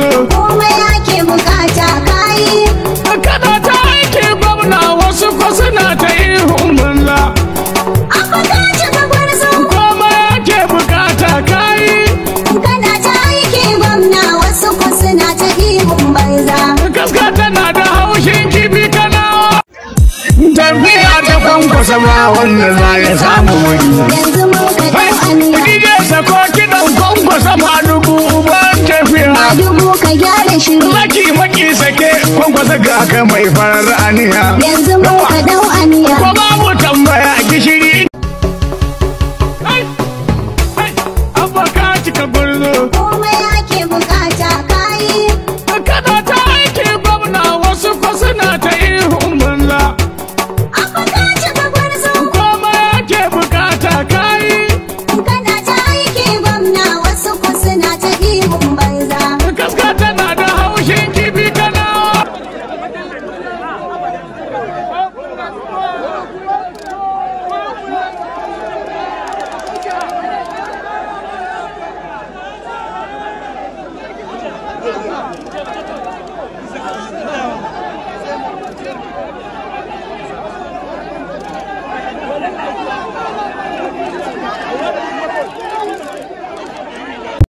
komai ake bukata yi. kada ta aiki gwamna wasu ko suna ta ihun mulla abu ka ci gabar su komai ake bukata yi. kada ta aiki gwamna wasu ko suna ta ihun banza gaska tana da haushin kibi kana tafiya ta kwankwasa ba wanda za ya samu wuri ka gyara shiru maki maki sake kwankwasa ga ka mai farar aniya yanzu mu ka dau aniya ko babu tambaya gishiri Abba ka cika gurin